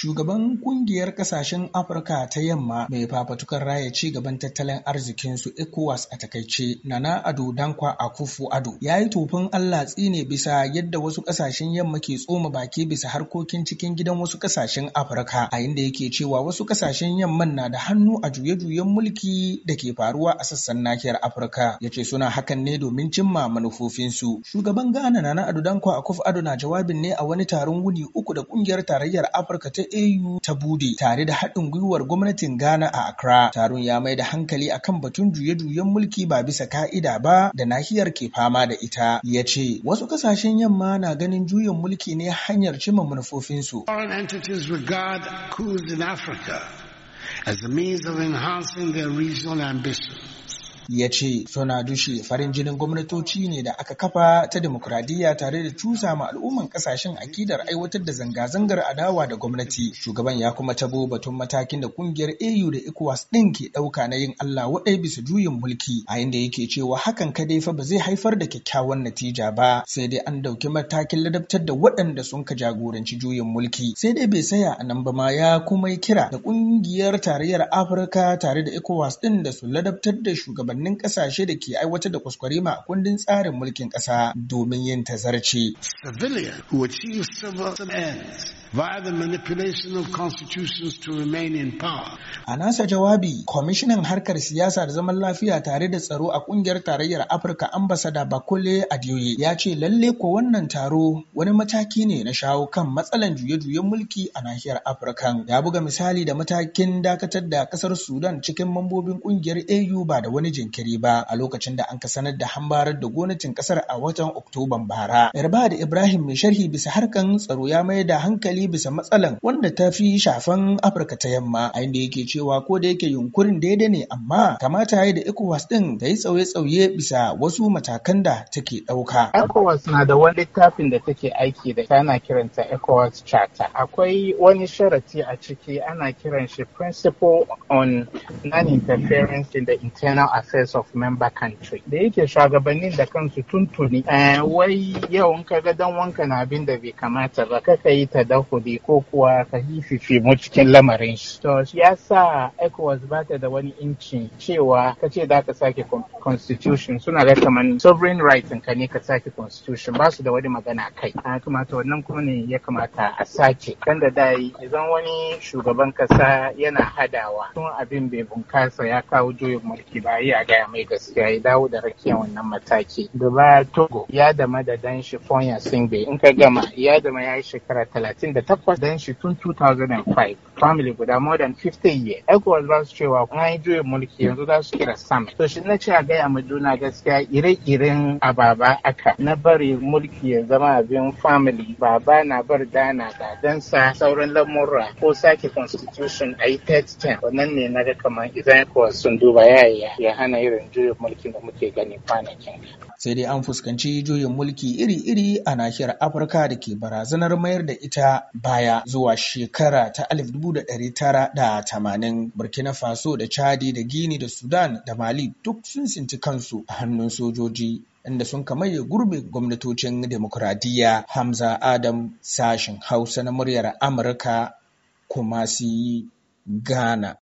Shugaban kungiyar kasashen Afirka ta yamma mai fafatukar raya ci gaban tattalin arzikinsu ECOWAS a takaice Nana Ado Dankwa kufu Ado ya yi tofin Allah tsine bisa yadda wasu kasashen yamma ke tsoma baki bisa harkokin cikin gidan wasu kasashen Afirka a inda yake cewa wasu kasashen yamman na da hannu a juye-juyen mulki da ke faruwa a sassan nahiyar Afirka ya ce suna hakan ne domin cimma manufofinsu. Shugaban Ghana Nana Ado Dankwa kufu Ado na jawabin ne a wani taron wuni uku da kungiyar tarayyar Afirka ta AU ta bude tare da haɗin gwiwar gwamnatin Ghana a Accra. Taron ya mai da hankali akan batun juye-juyen mulki ba bisa ka'ida ba da nahiyar ke fama da ita. Ya ce wasu ƙasashen yamma na ganin juyin mulki ne hanyar cimma manufofinsu. Foreign entities regard coups in Africa as a means of enhancing their regional ambitions. ya ce suna dushe farin jinin gwamnatoci ne da aka kafa ta demokuraɗiyya tare da cusa ma al'umman kasashen akidar aiwatar da zanga-zangar adawa da gwamnati shugaban ya kuma tabo batun matakin da kungiyar au da ecowas ɗin ke ɗauka na yin allah waɗai bisa juyin mulki a inda yake cewa hakan kadai fa ba zai haifar da kyakkyawan natija ba sai dai an ɗauki matakin ladabtar da waɗanda sun ka jagoranci juyin mulki sai dai bai saya a nan ba ma ya kuma yi kira da kungiyar tarayyar afirka tare da ecowas ɗin da su ladabtar da shugaban shugabannin ƙasashe da ke aiwatar da kuskurema a kundin tsarin mulkin ƙasa domin yin tazarci. Civilian who via the manipulation of constitutions to remain in power. A nasa jawabi, kwamishinan harkar siyasa da zaman lafiya tare da tsaro a kungiyar tarayyar Afirka ambasada Bakole Adeoye ya ce lalle ko wannan taro wani mataki ne na shawo kan matsalan juye-juyen mulki a nahiyar Afirka. Ya buga misali da matakin dakatar da kasar Sudan cikin mambobin kungiyar AU ba da wani jinkiri ba a lokacin da an ka sanar da hambarar da gwamnatin kasar a watan Oktoban bara. Yarba da Ibrahim mai sharhi bisa harkan tsaro ya mai da hankali hankali bisa matsalan wanda ta fi shafan Afirka ta yamma a inda yake cewa ko da yake yunkurin daidai ne amma kamata ya yi da ECOWAS din ta yi tsauye-tsauye bisa wasu matakan da take ɗauka. ECOWAS na da wani littafin da take aiki da ana kiranta ECOWAS Charter. Akwai wani sharati a ciki ana kiran shi Principle on Non-Interference in the Internal Affairs of Member Country. Da yake shugabannin da kansu tuntuni. Eh, wai yau in ka dan wanka na abin da bai kamata ba kaka yi ta kuɗi ko kuwa ka hififi mu cikin lamarin shi. To shi ya sa ECOWAS ba ta da wani inci cewa ka ce za ka sake constitution suna ga kamar sovereign in ka ne ka sake constitution ba su da wani magana kai. A kamata wannan kuma ne ya kamata a sake. Kan da dai idan wani shugaban kasa yana hadawa tun abin bai bunkasa ya kawo juyin mulki ba yi a gaya mai gaskiya ya dawo da rakiya wannan mataki. Gaba Togo ya dama da dan shi Fonya Singbe in ka gama ya dama ya yi shekara talatin Da takwas da shi tun 2005 family guda more than 50 years ecowas ba su cewa kuma yi juyin mulki yanzu za su kira summit to shi na ce a gaya ma juna gaskiya ire-iren ababa aka na bari mulki ya zama abin family baba na bar dana da dansa sauran lamura, ko sake constitution a yi third term wannan ne na ga kamar idan ecowas sun duba ya ya hana irin juyin mulkin da muke gani kwanakin sai dai an fuskanci juyin mulki iri-iri a nahiyar afirka da ke barazanar mayar da ita baya zuwa shekara ta 1980 burkina faso da chadi da gini da sudan da mali duk sun sinci kansu a hannun sojoji inda sun kamaye gurbe gwamnatocin demokuraɗiyya hamza adam sashen hausa na muryar amurka kuma su yi ghana